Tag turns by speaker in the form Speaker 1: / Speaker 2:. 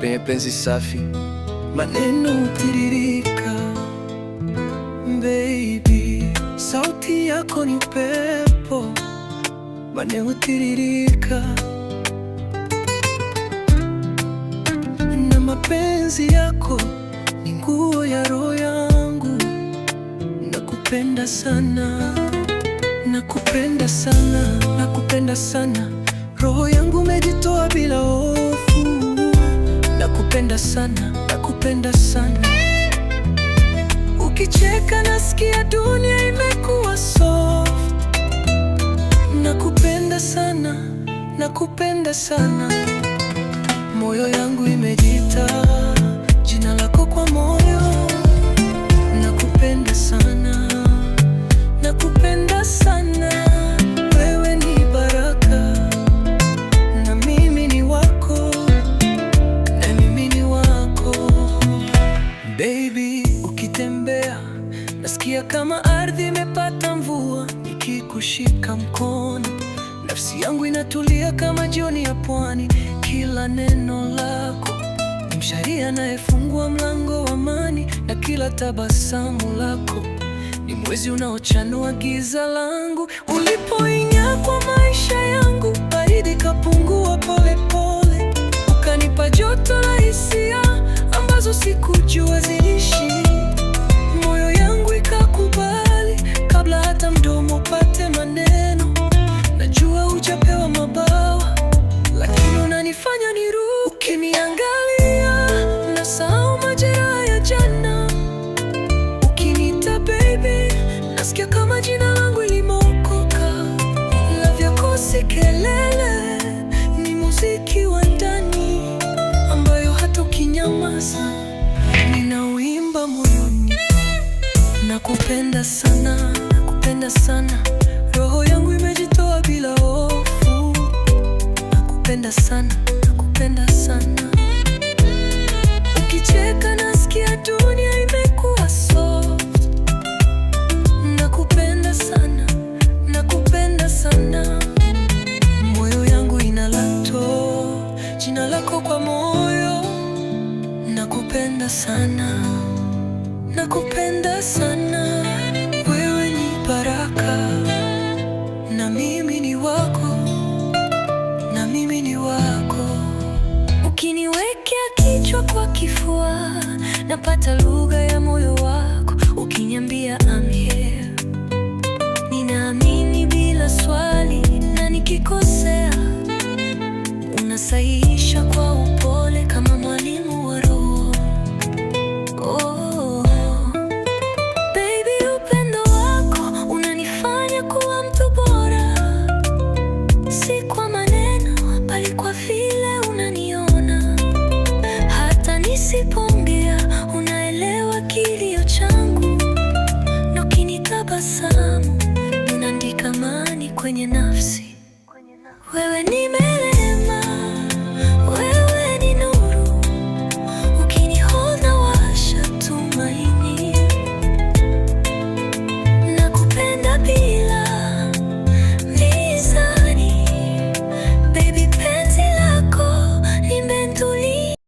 Speaker 1: penye penzi safi,
Speaker 2: maneno tiririka. Baby, sauti yako ni pepo, maneno tiririka na mapenzi yako ni nguo ya roho yangu. Nakupenda sana, nakupenda sana, nakupenda sana, roho yangu imejitoa bila hofu nakupenda sana, nakupenda sana. Ukicheka nasikia dunia imekuwa soft. Nakupenda sana, nakupenda sana moyo Najisikia kama ardhi imepata mvua, nikikushika mkono, nafsi yangu inatulia kama jioni ya pwani. Kila neno lako ni mshahidi anayefungua mlango wa amani, na kila tabasamu lako ni mwezi unaochanua giza langu. Ulipoinya kwa maisha yangu, baridi kapungua polepole, ukanipa joto Sikia kama jina langu limeokoka, la vyako si kelele, ni muziki wa ndani ambayo hata ukinyamaza ninauimba moyoni. Nakupenda sana, nakupenda sana, roho yangu imejitoa bila hofu. Nakupenda sana, nakupenda sana sana sana, nakupenda sana, wewe ni baraka, na mimi ni wako, na mimi ni wako. Ukiniwekea kichwa kwa kifua, napata lugha ya moyo wako, ukiniambia Nifanye kuwa mtu bora, si kwa maneno, bali kwa vile unaniona hata nisipo